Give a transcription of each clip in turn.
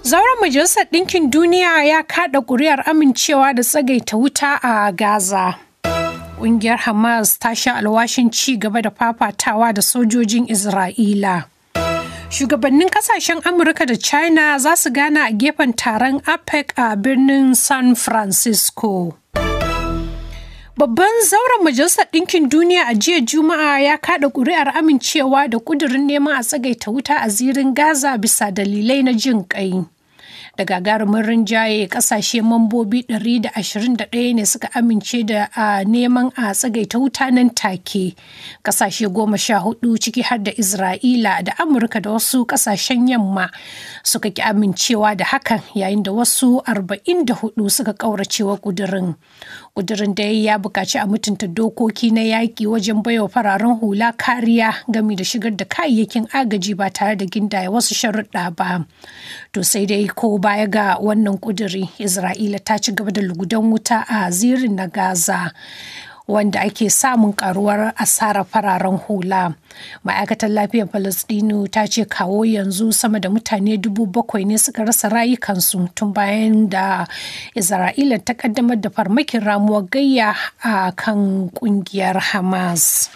Zauren Majalisar Ɗinkin Duniya ya kaɗa ƙuri'ar amincewa da tsagaita wuta a Gaza. Ƙungiyar Hamas ta sha alwashin ci gaba da fafatawa da sojojin Isra'ila. Shugabannin kasashen Amurka da China za su gana a gefen taron APEC a birnin San Francisco. Babban zauren Majalisar Ɗinkin Duniya a jiya Juma'a ya kaɗa ƙuri'ar amincewa da ƙudurin neman a tsagaita wuta a zirin Gaza bisa dalilai na jin ƙai. Da gagarumin rinjaye ƙasashe mambobi 121 ne suka amince da a neman a tsagaita wuta nan take. Ƙasashe goma sha hudu ciki har da Isra'ila da Amurka da wasu ƙasashen yamma suka ki amincewa da hakan yayin da wasu 44 suka ƙauracewa ƙudurin. kudirin da ya bukaci a mutunta dokoki na yaƙi wajen baiwa fararen hula kariya gami da shigar da kayayyakin agaji ba tare da ginda ya wasu sharuɗa ba to sai dai ko baya ga wannan ƙuduri isra'ila ta ci gaba da lugudan wuta a zirin na gaza wanda ake samun karuwar asarar fararen hula. Ma'aikatar lafiyar Falasɗinu ta ce kawo yanzu sama da mutane dubu bakwai ne suka rasa rayukansu tun bayan da Isra'ila ta kaddamar da farmakin ramuwar gayya a kan kungiyar Hamas.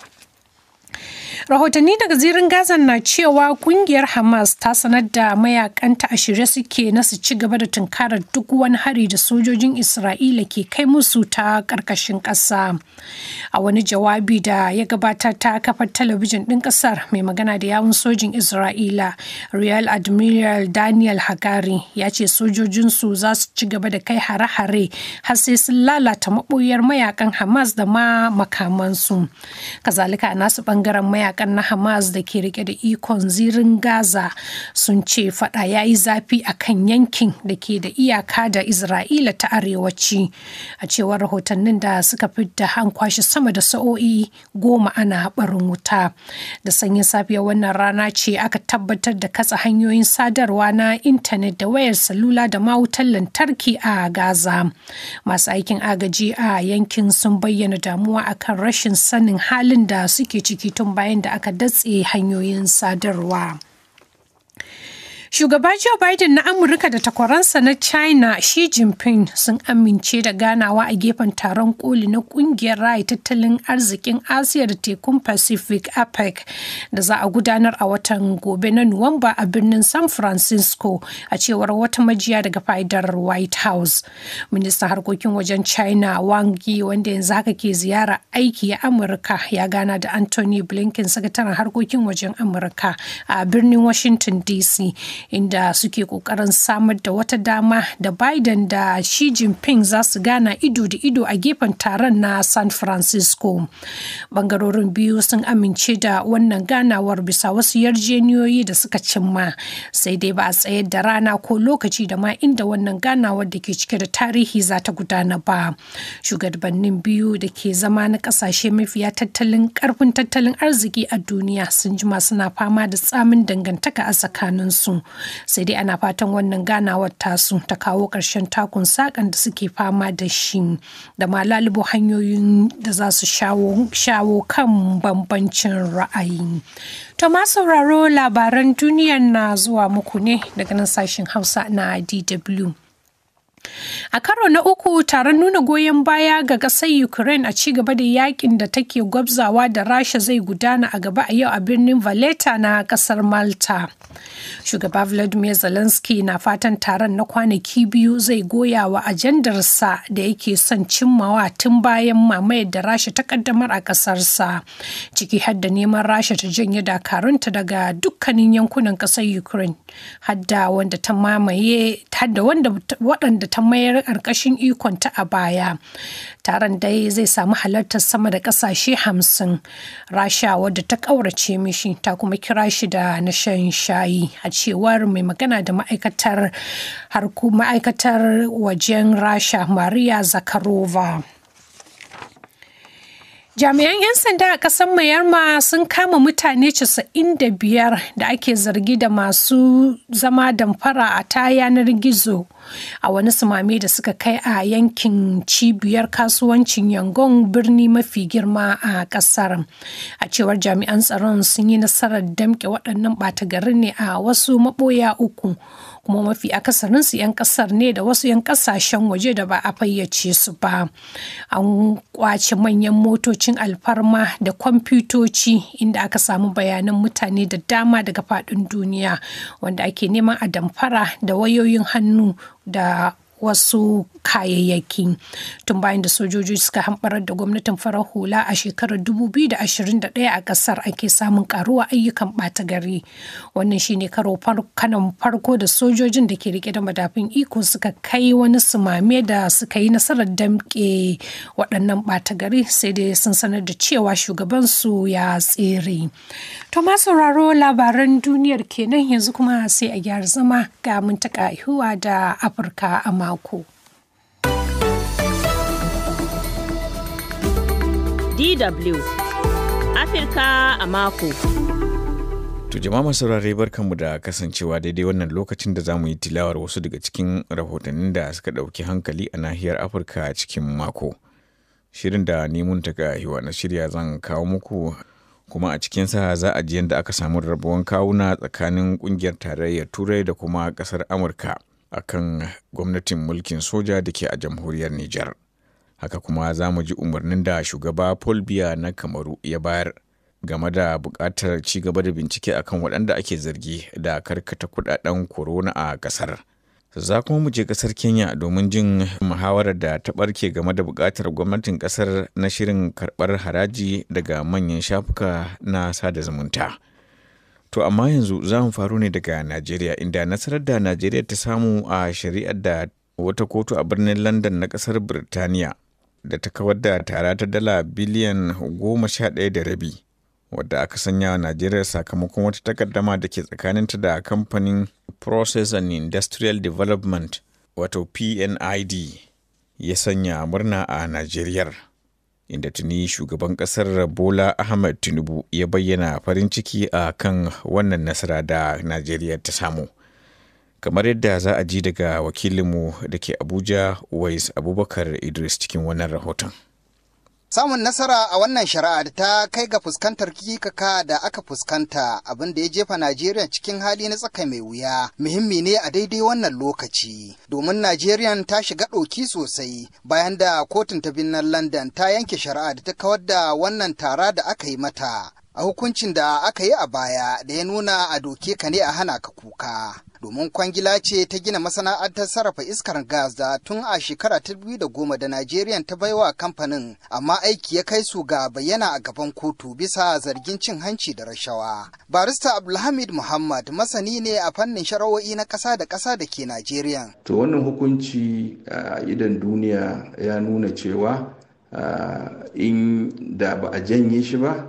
Rahotanni daga zirin Gaza na cewa kungiyar Hamas ta sanar da mayakanta a shirye suke na su ci gaba da tunkarar duk wani hari da sojojin Isra'ila ke kai musu ta ƙarƙashin ƙasa. A wani jawabi da ya gabata ta kafar talabijin ɗin ƙasar mai magana da yawun sojin Isra'ila, Real Admiral Daniel Hagari ya ce sojojinsu za su ci gaba da kai hare-hare har sai sun lalata maɓoyar mayakan Hamas da ma makamansu. Kazalika a nasu ɓangaren mayakan na Hamas da ke rike da ikon zirin Gaza sun ce fada ya yi zafi a kan yankin da ke da iyaka da Isra'ila ta arewaci. A cewar rahotannin da suka fidda an kwashe sama da sa'o'i goma ana barin wuta. Da sanyin safiya wannan rana ce aka tabbatar da katsa hanyoyin sadarwa na intanet da wayar salula da ma wutar lantarki a Gaza. Masu aikin agaji a yankin sun bayyana damuwa akan rashin sanin halin da suke ciki tun bayan yayin da aka datse hanyoyin sadarwa. Shugaba Joe Biden na Amurka da takwaransa na China Xi Jinping sun amince da ganawa a gefen taron koli na kungiyar raya tattalin arzikin Asiya da tekun Pacific APEC da za a gudanar a watan gobe na Nuwamba a birnin San Francisco a cewar wata majiya daga fa'idar White House. Ministan harkokin wajen China Wang Yi wanda yanzu haka ke ziyara aiki a Amurka ya gana da Anthony Blinken sakataren harkokin wajen Amurka a birnin Washington DC inda suke kokarin samar da wata dama da biden da Xi jinping za su gana ido da ido a gefen taron na san francisco bangarorin biyu sun amince da wannan ganawar bisa wasu yarjeniyoyi da suka cimma sai dai ba a tsayar da rana ko lokaci da ma inda wannan ganawar da ke cike da tarihi za ta gudana ba shugabannin biyu da ke zama na kasashe mafiya tattalin karfin tattalin arziki a duniya sun jima suna fama da tsamin dangantaka a tsakaninsu sai dai ana fatan wannan ganawar tasu ta kawo ƙarshen takun sakan da suke fama da shi da ma lalubo hanyoyin da za su shawo kan bambancin ra'ayi to ma sauraro labaran duniya na zuwa muku ne daga nan sashen hausa na dw A karo na uku taron nuna goyon baya ga ƙasar Ukraine a ci gaba da yakin da take gwabzawa da Rasha zai gudana a gaba a yau a birnin Valletta na ƙasar Malta. Shugaba Vladimir Zelensky na fatan taron na kwanaki biyu zai goya wa ajandarsa da yake son cimmawa tun bayan mamayar da Rasha ta kaddamar a ƙasarsa. Ciki har neman Rasha ta janye dakarunta daga dukkanin yankunan ƙasar Ukraine, hadda wanda ta mamaye, hadda wanda waɗanda ta mayar ƙarƙashin ikonta a baya. Taron dai zai samu halartar sama da ƙasashe hamsin. Rasha wadda ta ƙaurace mishi ta kuma kira shi da na shan shayi a cewar mai magana da ma'aikatar ma'aikatar wajen Rasha Maria Zakharova. Jami'an 'yan sanda a ƙasar Mayarma sun kama mutane 95 da ake zargi da masu zama damfara a ta yanar gizo a wani sumame da suka kai a yankin cibiyar kasuwancin yangon birni mafi girma a kasar a cewar jami'an tsaron sun yi nasarar damke waɗannan ɓata garin ne a wasu maɓoya uku kuma mafi akasarin su 'yan kasar ne da wasu 'yan kasashen waje da ba a fayyace su ba an kwace manyan motocin alfarma da kwamfutoci inda aka samu bayanan mutane da dama daga faɗin duniya wanda ake neman a damfara da wayoyin hannu da wasu kayayyaki tun bayan da sojoji suka hamɓarar da gwamnatin farar hula a shekarar 2021 a ƙasar ake samun ƙaruwa ayyukan ɓata gari wannan shine karo kanan farko da sojojin da ke rike da madafin iko suka kai wani sumame da suka yi nasarar damƙe waɗannan ɓata gari sai dai sun sanar da cewa shugabansu ya tsere to sauraro labaran duniyar kenan yanzu kuma sai a gyara zama ga muntaka ihuwa da afirka amma mako. DW Afirka a mako. To jama'a saurare barkanmu da kasancewa daidai wannan lokacin da za mu yi tilawar wasu daga cikin rahotannin da suka ɗauki hankali a nahiyar Afirka cikin mako. Shirin da nemun taka hiwa na shirya zan kawo muku kuma a cikin sa za a ji yadda aka samu rabuwan kawuna tsakanin kungiyar tarayyar turai da kuma kasar amurka a kan gwamnatin mulkin soja da ke a jamhuriyar Nijar. Haka kuma za mu ji umarnin da shugaba Paul Biya na Kamaru ya bayar game da buƙatar ci gaba da bincike a kan waɗanda ake zargi da karkata kuɗaɗen korona a ƙasar. Za kuma mu je ƙasar Kenya domin jin muhawarar da ta ɓarke game da buƙatar gwamnatin ƙasar na shirin karɓar haraji daga manyan shafuka na sada zumunta. To amma yanzu za mu faru ne daga Najeriya inda nasarar da Najeriya ta samu a shari'ar da wata kotu a birnin London na kasar Birtaniya da ta kawar da tara ta dala biliyan goma sha ɗaya da rabi wadda aka sanya Najeriya sakamakon wata takaddama da ke tsakaninta da kamfanin Process and Industrial Development wato PNID ya sanya murna a Najeriyar. inda tuni shugaban kasar bola ahmed tinubu ya bayyana farin ciki a kan wannan nasara da najeriya ta samu kamar yadda za a ji daga wakilinmu da ke abuja wais abubakar idris cikin wannan rahoton Samun nasara a wannan shari'a da ta kai ga fuskantar kikaka da aka fuskanta abin da ya jefa Najeriya cikin hali na tsaka mai wuya muhimmi ne a daidai wannan lokaci. Domin Najeriya ta shiga ɗoki sosai bayan da kotun ta birnin London ta yanke shari'a da ta kawar da wannan tara da aka yi mata. a hukuncin da aka yi a baya da ya nuna a doke ka ne a hana ka kuka. Domin kwangila ce ta gina masana'antar sarrafa iskar gas da tun a shekara ta biyu da goma da Najeriya ta baiwa kamfanin, amma aiki ya kai su ga bayyana a gaban kotu bisa zargin cin hanci da rashawa. Barista Abdulhamid Muhammad masani ne a fannin shara'o'i na ƙasa da ƙasa da ke Najeriya. To wannan hukunci a idan duniya ya nuna cewa in da ba a janye shi ba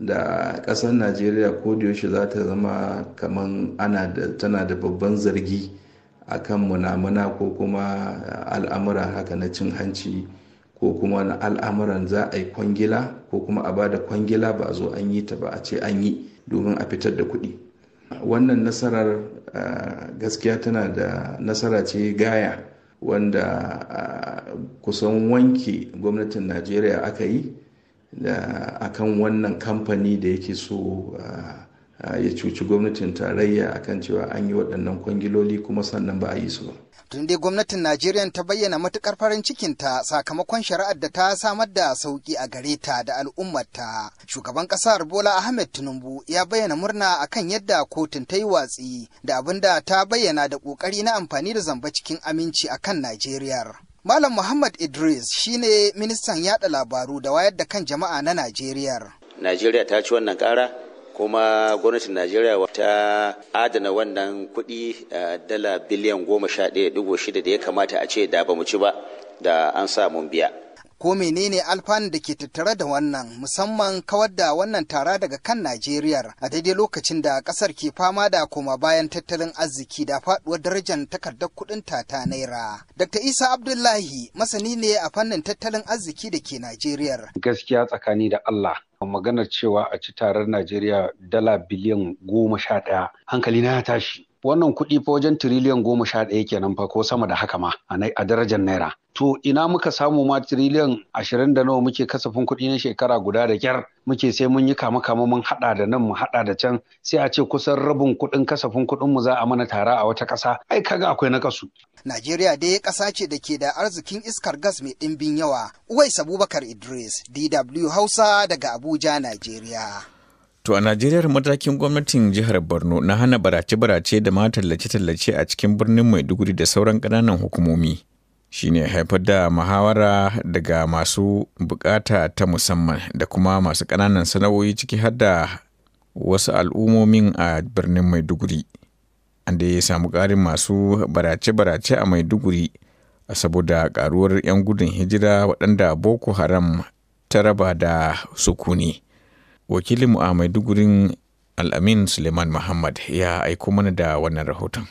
da ƙasar najeriya ko da yaushe za ta zama kamar ana tana da babban zargi a kan munamuna ko kuma al'amura haka na cin hanci ko kuma na al'amuran za a yi kwangila ko kuma a bada kwangila ba a zo an yi ta ba a ce an yi domin a fitar da kuɗi wannan nasarar gaskiya tana da nasara ce gaya wanda kusan wanke gwamnatin najeriya aka yi akan wannan kamfani da yake so ya cuci gwamnatin tarayya akan cewa an yi waɗannan kwangiloli kuma sannan ba a yi su ba. tun gwamnatin Najeriya ta bayyana matukar farin cikinta sakamakon shari'ar da ta samar da sauki a gare ta da al'ummar ta. Shugaban ƙasar Bola Ahmed Tinubu ya bayyana murna akan yadda kotun ta yi watsi da abin da ta bayyana da ƙoƙari na amfani da zamba cikin aminci akan Najeriya. Malam Muhammad Idris shi ne ministan yada labaru da wayar da kan jama'a na Najeriya. Najeriya ta ci wannan kara kuma gwamnatin Najeriya ta adana wannan kuɗi eh, dala biliyan goma sha ɗaya digo shida da ya kamata a ce da ba mu ci ba da an sa mun biya. ko menene alfanu da ke tattare da wannan musamman kawar da wannan tara daga kan Najeriya a daidai lokacin da kasar ke fama da koma bayan tattalin arziki da faduwar darajar takardar kuɗin ta ta naira. Dr. Isa Abdullahi masani ne a fannin tattalin arziki da ke Najeriya. Gaskiya tsakani da Allah maganar cewa a ci tarar Najeriya dala biliyan goma sha ɗaya hankali na ya tashi. Wannan kuɗi fa wajen tiriliyan goma sha ɗaya kenan fa ko sama da haka ma a darajar naira. to ina muka samu ma tiriliyan ashirin da nawa muke kasafin kuɗi na shekara guda da kyar muke sai mun yi kama kama mun haɗa da nan mu haɗa da can sai a ce kusan rabin kuɗin kasafin kuɗin mu za a mana tara a wata ƙasa ai kaga akwai na kasu. Najeriya dai ƙasa ce da ke da arzikin iskar gas mai ɗimbin yawa. Uwais Abubakar Idris, DW Hausa daga Abuja, Najeriya. To a Najeriya matakin gwamnatin jihar Borno na hana barace-barace da ma tallace-tallace a cikin birnin Maiduguri da sauran ƙananan hukumomi shi ne haifar da muhawara daga masu bukata ta musamman da kuma masu ƙananan sana'o'i ciki har da wasu al'ummomin a birnin maiduguri da ya samu ƙarin masu barace-barace a maiduguri saboda ƙaruwar 'yan gudun hijira waɗanda boko haram ta raba da sukuni wakilinmu a maidugurin al'amin suleiman muhammad ya aiko mana da wannan rahoton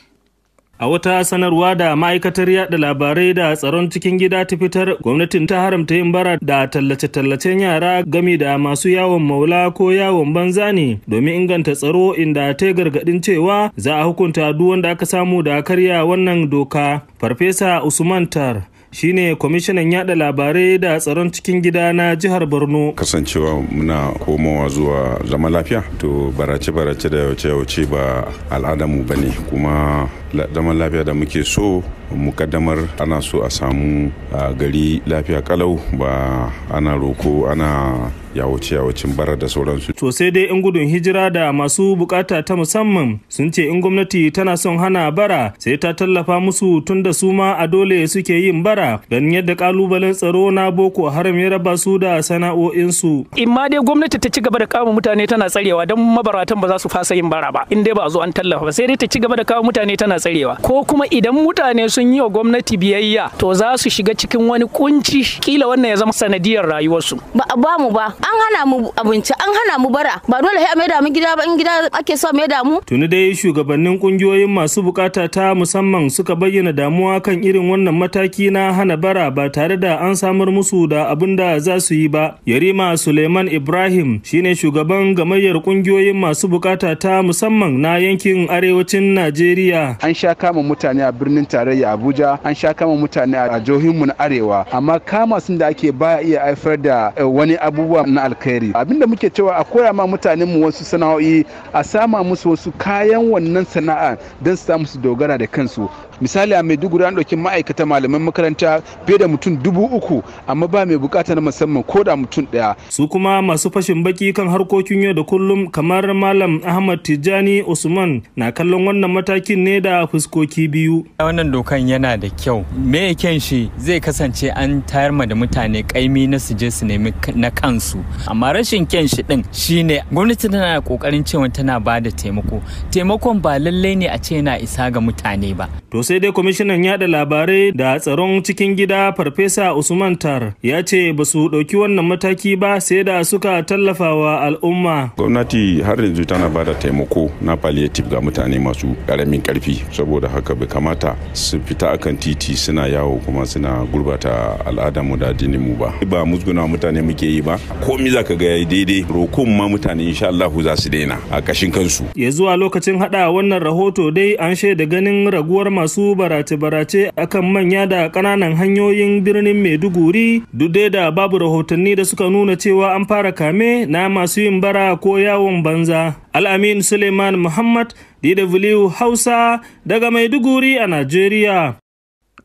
A wata sanarwa da ma'aikatar yaɗa labarai da tsaron cikin gida ta fitar, gwamnatin ta haramta yin bara da tallace-tallacen yara gami da masu yawon maula ko yawon banza ne domin inganta tsaro inda ta gargaɗin cewa za a hukunta duk wanda aka samu da karya wannan doka. Farfesa Usman Tar shine kwamishinan yada labarai da tsaron cikin gida na jihar borno kasancewa muna komawa zuwa zama lafiya to barace-barace da yauce-yauce ba al'adamu ba ne kuma zaman lafiya da muke so mukaddamar ana so a samu gari lafiya kalau ba ana roko ana ya wuce ya wucin barar da sauransu. To sai dai in gudun hijira da masu bukata ta musamman sun ce in gwamnati tana son hana bara sai ta tallafa musu tun da su a dole suke yin bara don yadda kalubalen tsaro na boko haram ya raba su da sana'o'insu. In ma dai gwamnati ta ci gaba da kama mutane tana tsarewa don mabaratan ba za su fasa yin bara ba in dai ba zo an tallafa ba sai dai ta ci gaba da kawo mutane tana tsarewa ko kuma idan mutane sun yi wa gwamnati biyayya to za su shiga cikin wani kunci kila wannan ya zama sanadiyar rayuwarsu. Ba a bamu ba an hana mu abinci an hana mu bara ba dole sai a maida mu gida ba in gida ake so mai damu. tuni dai shugabannin kungiyoyin masu bukata ta musamman suka bayyana damuwa kan irin wannan mataki na hana bara ba tare da an samar musu da abin da za su yi ba yarima suleiman ibrahim shine shugaban gamayyar kungiyoyin masu bukata ta musamman na yankin arewacin najeriya an sha kama mutane a birnin tarayya abuja an sha kama mutane a jihohinmu na arewa amma kama sun da ake baya iya haifar da eh, wani abubuwa na alkhairi abinda muke cewa a koya ma mutanen mu wasu sana'o'i a sama musu wasu kayan wannan sana'a don su samu su dogara da kansu misali a maiduguri an ɗauki ma'aikata malaman makaranta fiye da mutum dubu uku amma ba mai bukata na musamman ko da mutum ɗaya. su kuma masu fashin baki kan harkokin yau da kullum kamar malam ahmad tijjani usman na kallon wannan matakin ne da fuskoki biyu. wannan dokan yana da kyau me kyan shi zai kasance an tayar ma da mutane kaimi na su je su nemi na kansu amma rashin kyan shi din shine gwamnati tana kokarin cewa tana ba da taimako taimakon ba lallai ne a ce yana isa ga mutane ba. sai dai kwamishinan yada labarai da tsaron cikin gida farfesa usman tar ya ce ba su ɗauki wannan mataki ba sai da suka tallafawa al'umma gwamnati har yanzu tana ba da taimako na palliative ga mutane masu ƙaramin ƙarfi saboda haka bai kamata su fita akan titi suna yawo kuma suna gurbata al'adarmu da mu ba ba musguna mutane muke yi ba komi zaka ga yayi daidai rokon ma mutane insha Allah za su daina a kashin kansu ya zuwa lokacin hada wannan rahoto dai an shaida ganin raguwar masu su barace-barace akan manya da ƙananan hanyoyin birnin Maiduguri duk dai da babu rahotanni da suka nuna cewa an fara kame na masu yin bara ko yawon banza. Al'amin Suleiman Muhammad DW Hausa daga Maiduguri a Najeriya.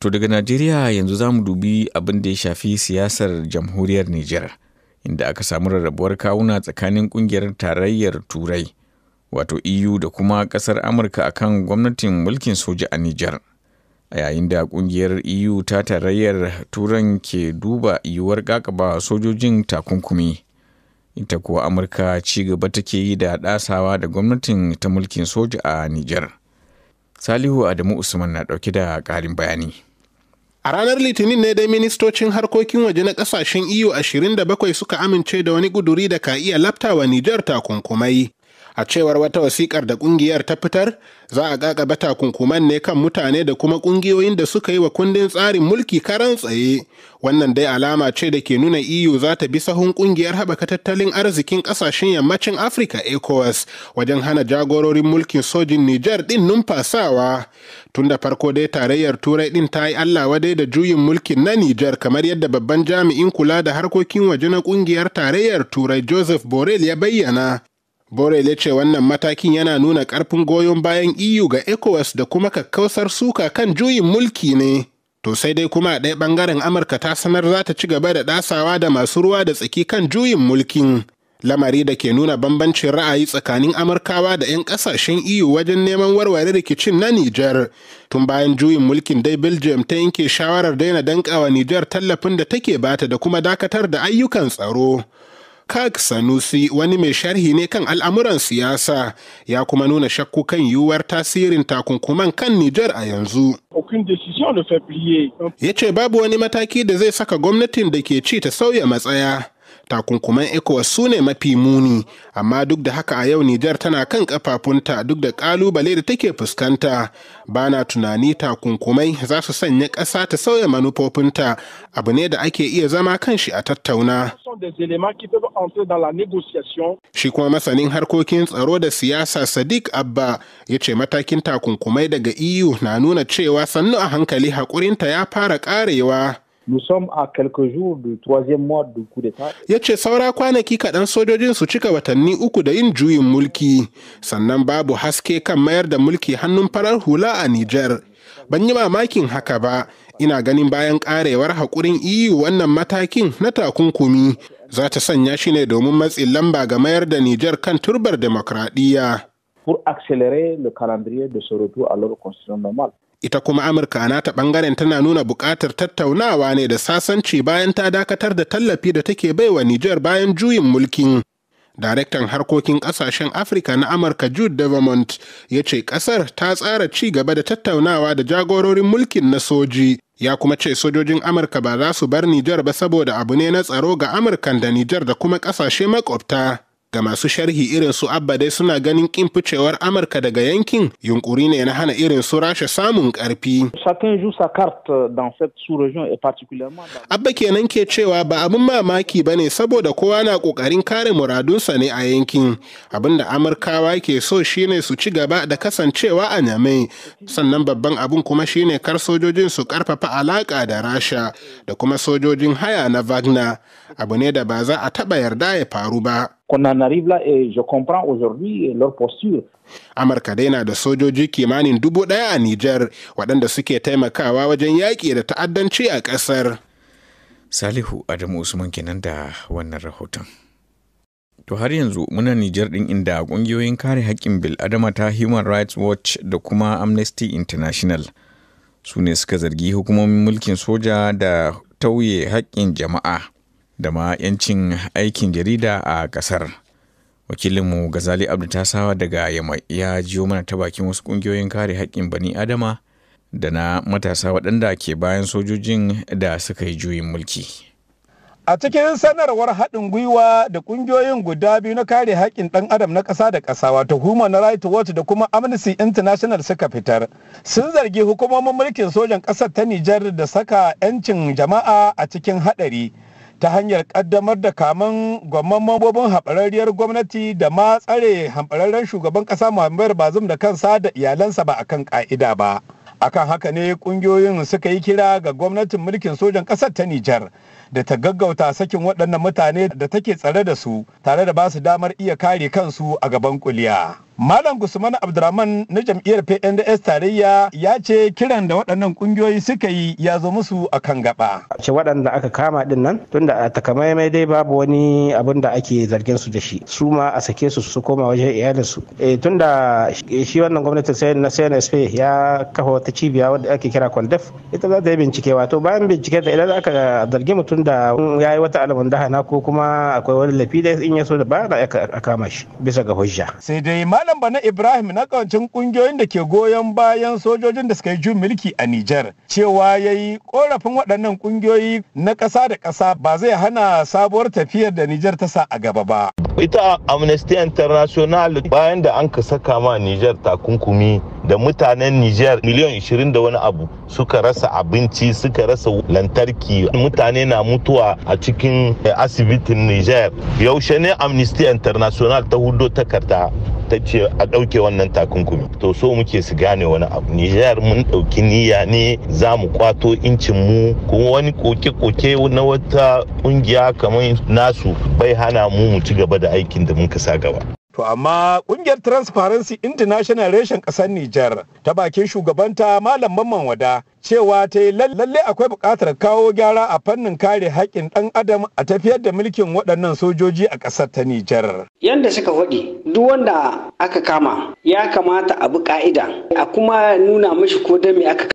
To daga Najeriya yanzu za mu dubi abin da ya shafi siyasar jamhuriyar Nijar, inda aka samu rarrabuwar kawuna tsakanin kungiyar tarayyar Turai. wato EU da kuma ƙasar Amurka a kan gwamnatin mulkin soja a Nijar. A yayin da ƙungiyar EU ta tarayyar Turan ke duba yiwuwar ƙaƙaba sojojin takunkumi. Ita kuwa Amurka ci gaba take yi da ɗasawa da gwamnatin ta mulkin soja a Nijar. Salihu Adamu Usman na ɗauke da ƙarin bayani. A ranar Litinin ne dai ministocin harkokin waje na kasashen EU 27 suka amince da wani guduri da ka iya laftawa Nijar takunkumai a cewar wata wasikar da kungiyar ta fitar za a gagaba takunkuman ne kan mutane da kuma kungiyoyin da suka yi wa kundin tsarin mulki karan tsaye wannan dai alama ce da ke nuna eu za ta bi sahun kungiyar haɓaka tattalin arzikin ƙasashen yammacin afirka ecowas wajen hana jagororin mulkin sojin niger ɗin numfasawa tun da farko dai tarayyar turai ɗin ta yi allah wadai da juyin mulkin na niger kamar yadda babban jami'in kula da harkokin waje na kungiyar tarayyar turai joseph borrell ya bayyana borel ya ce wannan matakin yana nuna karfin goyon bayan eu ga ecowas da kuma kakkausar suka kan juyin mulki ne to sai dai kuma a ɗaya ɓangaren amurka ta sanar za ta ci gaba da ɗasawa da masu ruwa da tsaki kan juyin mulkin lamari da ke nuna bambancin ra'ayi tsakanin amurkawa da 'yan ƙasashen eu wajen neman warware rikicin na niger tun bayan juyin mulkin dai belgium ta yanke shawarar daina dankawa niger tallafin da take bata da kuma dakatar da ayyukan tsaro Kirk Sanusi wani mai sharhi ne kan al'amuran siyasa ya kuma nuna shakku kan yiwuwar tasirin takunkuman kan Nijar a yanzu. Ya ce babu wani mataki da zai saka gwamnatin da ke ci ta sauya matsaya. takunkuman ecowas su ne mafi muni amma duk da haka a yau nijar tana kan kafafunta duk da kalubale da take fuskanta bana tunani takunkumai za su sanya ƙasa ta sauya manufofinta abu ne da ake iya zama kan shi a tattauna shi kuma masanin harkokin tsaro da siyasa sadiq abba ya ce matakin takunkumai daga eu na nuna cewa sannu a hankali haƙurinta ya fara ƙarewa Nous sommes à quelques jours du troisième mois du coup d'état. Ya ce saura kwanaki kaɗan sojojin su cika watanni uku da yin juyin mulki, sannan babu haske kan mayar da mulki hannun farar hula a Nijar. Ban yi mamakin haka ba, ina ganin bayan ƙarewar haƙurin EU wannan matakin na takunkumi za ta sanya shi ne domin matsin lamba ga mayar da Nijar kan turbar demokradiyya. pour accélérer le calendrier da ce retour à l'ordre constitution normal. Ita kuma Amurka a nata ɓangaren tana nuna buƙatar tattaunawa ne da sasanci bayan ta dakatar da tallafi da take baiwa Nijar bayan juyin mulkin. Daraktan harkokin ƙasashen Afirka na Amurka Jude Devamont ya ce ƙasar ta tsara ci gaba da tattaunawa da jagororin mulkin na soji. Ya kuma ce sojojin Amurka ba za su bar Nijar ba saboda abu ne na tsaro ga Amurkan da Nijar da kuma ƙasashe makwabta. Ga masu sharhi irin su Abba dai suna ganin kin ficewar Amurka daga yankin yunkuri ne na hana irin su Rasha samun ƙarfi. Abba kenan ke cewa ba abin mamaki ba ne saboda kowa na ƙoƙarin kare muradunsa ne a yankin. Abinda Amurkawa ke so shine su ci gaba da kasancewa a name Sannan babban abin kuma shine kar sojojin su karfafa alaƙa da Rasha da kuma sojojin haya na Wagner. Abu ne da ba za a taɓa yarda ya faru ba. qu'on en arrive là et je comprends aujourd'hui euh, leur posture. Amurka dai na da sojoji kimanin dubu ɗaya a Nijar waɗanda suke taimakawa wajen yaƙi da ta'addanci a ƙasar. Salihu Adamu Usman kenan da wannan rahoton. To har yanzu muna Nijar ɗin inda ƙungiyoyin kare haƙƙin bil'adama ta Human Rights Watch da kuma Amnesty International su ne suka zargi hukumomin mulkin soja da tauye haƙƙin jama'a. da ma 'yancin aikin jarida a kasar Wakilinmu Gazali ta sawa daga Yamma ya jiyo mana ta bakin wasu kungiyoyin kare haƙƙin bani Adama da na matasa waɗanda ke bayan sojojin da suka yi juyin mulki. A cikin sanarwar haɗin gwiwa da ƙungiyoyin guda biyu na kare haƙƙin ɗan adam na ƙasa da ƙasa wato Human Rights Watch da kuma Amnesty International suka fitar. Sun zargi hukumomin mulkin sojan ƙasar ta Nijar da saka 'yancin jama'a a cikin haɗari. ta hanyar kaddamar da kamun gwamman mambobin haɓararriyar gwamnati da ma tsare hamɓararren shugaban ƙasa muhammadu bazum da kansa da iyalansa ba akan ƙa'ida ba akan haka ne ƙungiyoyin suka yi kira ga gwamnatin mulkin sojan ƙasar ta nijar da ta gaggauta sakin waɗannan mutane da take tsare da su tare da ba su damar iya kare kansu a gaban kuliya. Malam Gusman Abdurrahman na jam'iyyar PNDS tarayya ya ce kiran da waɗannan kungiyoyi suka yi ya zo musu a kan gaba. Ce waɗanda aka kama ɗin nan tunda a takamaimai dai babu wani abin da ake zargin su da shi. Su ma a sake su su koma wajen iyalinsu. E, tunda shi wannan gwamnati na CNSP ya kafa wata cibiya wadda ake kira Kwaldef ita za ta yi bincike wato bayan bincike da idan aka zargi mutum da ya yi wata alamun dahana ko kuma akwai wani lafi da in ya so da ba a kama shi bisa ga hujja. Sai dai Malam Bana Ibrahim na kawancin kungiyoyin da ke goyon bayan sojojin da suka yi jun mulki a Nijar cewa ya yi korafin waɗannan kungiyoyi na ƙasa da ƙasa ba zai hana sabuwar tafiyar da Nijar ta sa a gaba ba. Ita Amnesty International bayan da an ka saka ma Nijar takunkumi da mutanen Nijar miliyan 20 da wani abu suka rasa abinci suka rasa lantarki mutane na mutuwa a cikin eh, asibitin Nijar yaushe ne Amnesty International ta hudo takarda ta ce a ɗauke wannan takunkumi to so muke su gane wani abu nijar mun ɗauki niyya ne za mu kwato incin mu kuma wani koke-koke na wata ƙungiya kamar nasu bai hana mu mu ci gaba da aikin da muka sa gaba To amma kungiyar Transparency International reshen ƙasar Nijar ta bakin shugabanta Malam Mamman Wada cewa ta yi lalle akwai buƙatar kawo gyara a fannin kare haƙƙin ɗan adam a tafiyar da mulkin waɗannan sojoji a ƙasar ta Nijar. Yanda suka faɗi duk wanda aka kama ya kamata a bi ƙa'ida a kuma nuna mashi ko da me aka